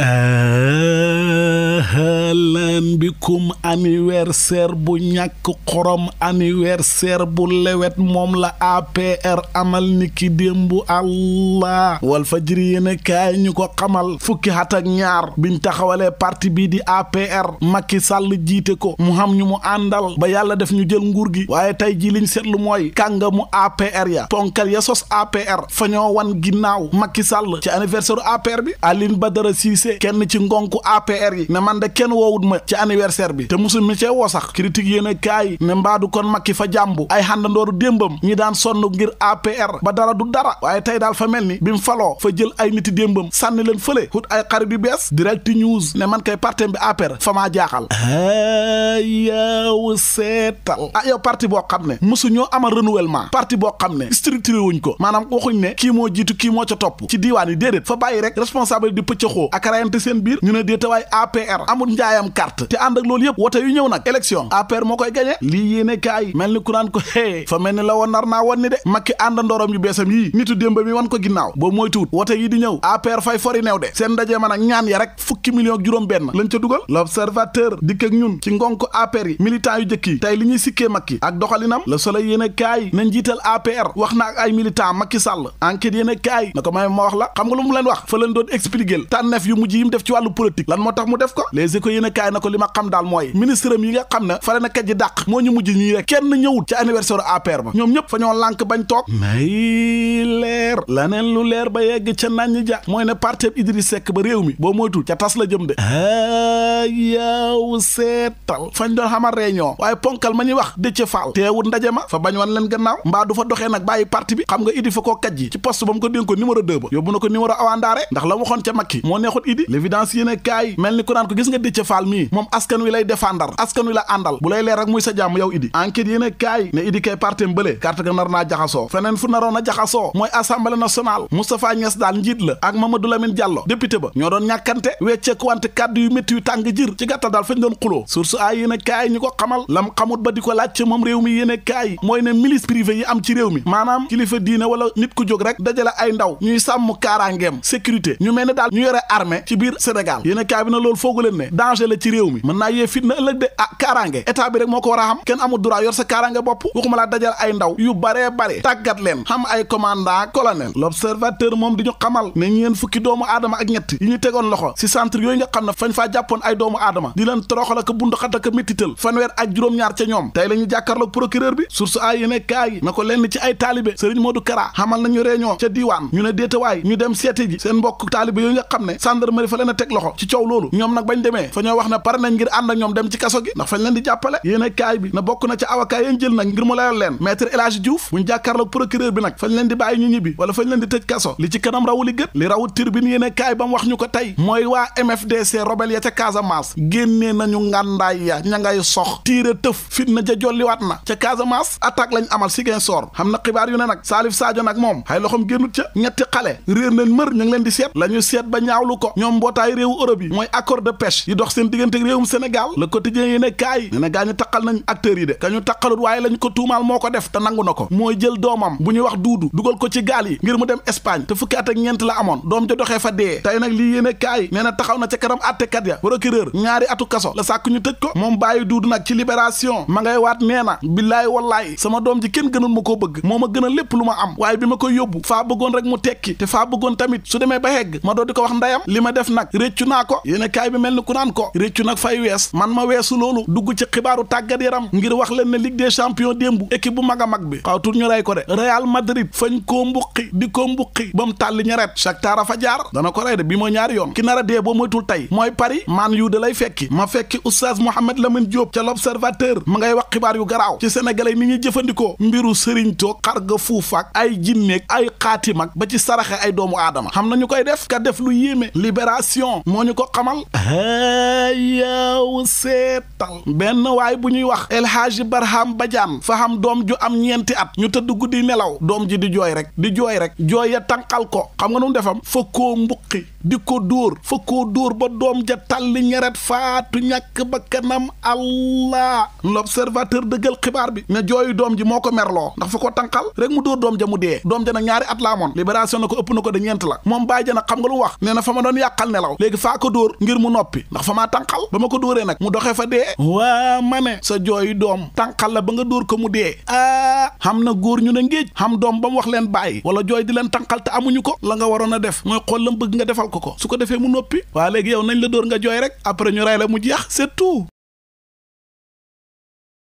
Uh, salaamaaleykum anniversaire bu ñàkk xorom anniversaire bu lewet moom la APR amal niki démb allah Walfadjri yéen a kaay ñu ko xamal fukki at ak ñaar biñ taxawalee parti bii di APR Macky Sall jiite ko mu xam ñu mu àndal ba yàlla def ñu jël nguur gi waaye tey ji liñ seetlu mooy kàngamu APR ya ponkal ya sos APR fa ñoo wan ginnaaw Macky Sall ci anniversaire APR bi Aline Badara Cissé kenn ci ngonku APR yi ne kenn woowut ma ci anniversaire anniversaire bi te musul mi cee woo sax critique yéen a kaay ne mbaadu kon makki fa jàmbu ay xàndandooru démbam ñi daan sonn ngir APR ba dara du dara waaye tey daal fa mel ni bi mu faloo fa jël ay niti démbam sànni leen fële hut ay xarit yu bees direct news ne man kay partem bi APR fa maa jaaxal yow seetal ah yow parti boo xam ne musu ñoo amal renouvellement parti boo xam ne structuré wuñ ko maanaam waxuñ ne kii moo jiitu kii moo ca topp ci diiwaan yi déedéet fa bàyyi rek responsable di pëccëxoo ak rayante seen biir ñu ne déetawaay amul njaayam carte loolu yëpp wote yu ñëw nag élection APR moo koy gañe lii yéene kaay mel ni ku naan ko xee fa mel ni la woon naa wan ni de makki àndandoorom yu beesam yii nitu démba mi ko ginnaaw boobu mooy wote yi di ñëw APR fay fori neew de seen ndaje man ak ñaan ya rek fukki million juróom benn lañ ca dugal l'observateur dikk ak ñun ci ngon ko yi militant yu jëkk yi tey li ñuy sikkee makki ak doxalinam le soleil yéene kaay na njiital APR wax na ak ay xam daal mooy ministre yi nga xam ne fare na kat ji dàq moo ñu mujj ñii rek kenn ñëwut ca anniversaire APR ba ñoom ñëpp fa ñoo lànk bañ toog leer laneen lu leer ba yegg ca nañ ja mooy ne parti Idriss Seck ba réew mi boo moytu ca tas la jëm de a yaaw seetal fañ doon xamal réunion waaye ponkal ma ñuy wax Déthié Fall teewut ndaje ma fa bañ wan leen gannaaw mbaa du fa doxee nag bàyyi parti bi xam nga Idi fa koo kaj ji ci poste ba mu ko dénkoon numéro 2 ba yóbbu na ko numéro awandaare ndax la waxoon ca Macky moo neexut Idi l'évidence yéen e kaay mel ni ku naan ko gis nga Déthié Fall mii moom askan wi assemblée nationale Moustapha Niass daal njiit la ak Mamadou Lamine Diallo député ba ñoo doon ñàkkante wecceeku wante kàddu yu métti yu a kaay a maanaam kilifa diine wala nit ku jóg rek dajale ay ndaw ñuy sàmm kaaraangeem sécurité ñu mel daal ñu yore armée ci biir Sénégal yéen a na loolu foogu ne danger ci réew mi mën naa fitna ëllëg de ah kaaraange état bi moo ko war a kenn amul droit sa kaaraange bopp waxuma laa ay ndaw yu baree bare tàggat leen xam ay commandant palaneen l'observateur moom di ñu xamal ne ñeen fukki doomu aadama ak ñett yi ñu tegoon loxo si centre yooyu nga xam ne fañ faa jàppoon ay doomu aadama di leen toroxal ak bunduxat ak fanweer ak juróom-ñaar ca ñoom tey la ñu jàkkaarloog procureur bi source ay yéene kaay na ko lenn ci ay taalibe sëriñ Modou Kara xamal nañu réunion ca diiwaan ñu ne déetawaay ñu dem seete ji seen mbokk taalibe yooyu nga xam ne gendarmerie fa leen a teg loxo ci coow loolu ñoom nag bañ demee fa ñoo wax ne pare nañ ngir ànd ak ñoom dem ci kaso gi ndax fañ leen wala fañ leen di tëj kaso li ci kanam rawu li gët li rawu turbine yéene kaay ba mu wax ñu ko tey mooy waa MFDC rebelle ya ca Casamance génnee nañu ngàndaay ya ña ngay sox tiire tëf fitna ja jolliwaat na ca Casamance attaque lañ amal si geen xam na xibaar yu ne nag Salif Sadio nag moom ay loxom génnut ca ñetti xale réer nañ mër ñu leen di seet la ñu seet ba ñaawlu ko ñoom mbootaay réewu Europe yi mooy accord de pêche yi dox seen diggante réewum Sénégal le quotidien yéene kaay ne na gaa ñu taqal nañ acteurs yi de ka ñu taqalut waaye lañ ko tuumaal moo ko def te nangu na ko mooy jël bu ñuy wax duudu ko ci Italie ngir mu dem Espagne te fukki at ak ñeent la amoon doom ja doxee fa dee tey nag lii yéene nee na taxaw na ca kanam attekat ya procureur ñaari atu kaso la sàkk ñu tëj ko moom bàyyi duudu nag ci libération ma ngay waat nee na billaay wallaay sama doom ji kenn gënoon ma ko bëgg moo ma gën a lépp lu ma am waaye bi ma koy yóbbu faa bëggoon rek mu tekki te faa bëggoon tamit su demee ba hegg ma doo di ko wax ndayam li ma def nag réccu naa ko yéene kaay bi mel ni ku naan ko réccu nag fay wees man ma weesu loolu dugg ci xibaaru tàggat yaram ngir wax leen ne ligue des champions démb équipe bu mag a mag bi xaw ñu rey ko mbuqi di ko mbuqi ba mu tàlli ñaret Shakhtar a fa jaar dana ko rey de bi mooy ñaari yoon ki nar a dee boo moytul tey mooy Paris man yu da lay fekki ma fekki oustaz Mouhamed Lamine Diop ca l'Observateur ma ngay wax xibaar yu garaaw ci sénégalais ni ñuy jëfandikoo mbiru sëriñ toog xar ga fuufak ay jinneeg ay xaatim mag ba ci saraxe ay doomu aadama xam nañu koy def ka def lu yéeme libération moo ñu ko xamal ayaw seetal benn waay bu ñuy wax El Hadji Barham Badiane fa xam doom ju am ñeenti at ñu nelaw doom ji jooy rek jooy ya tànqal ko xam nga nu defam fa koo mbuqi di ko dóor fa koo dóor ba doom ja tàlli ñeret faatu ñàkk ba kanam allah l'observateur dëggal xibaar bi ne jooy doom ji moo ko merloo ndax fa ko tànqal rek mu dóor doom ja mu dee doom ja nag ñaari at laa moon libération na ko ëpp na ko de ñeent la moom bàyyi ja nag xam nga lu wax nee na fa ma doon yàqal nelaw léegi faa ko dóor ngir mu noppi ndax fa ma tànqal ba ma ko dóoree nag mu doxee fa dee waa ma ne sa jooyu doom tànqal la ba nga dóor ko mu dee ah, xam na góor ñu ne ngéej xam doom ba mu wax leen bàyyi wala jooy di leen tànqal te ko la nga waroon a def mooy xool lam bëgg nga defal ko ko su ko defee mu noppi waa léegi yow nañ la dóor nga jooy rek après ñu rey la mu jeex c'est tout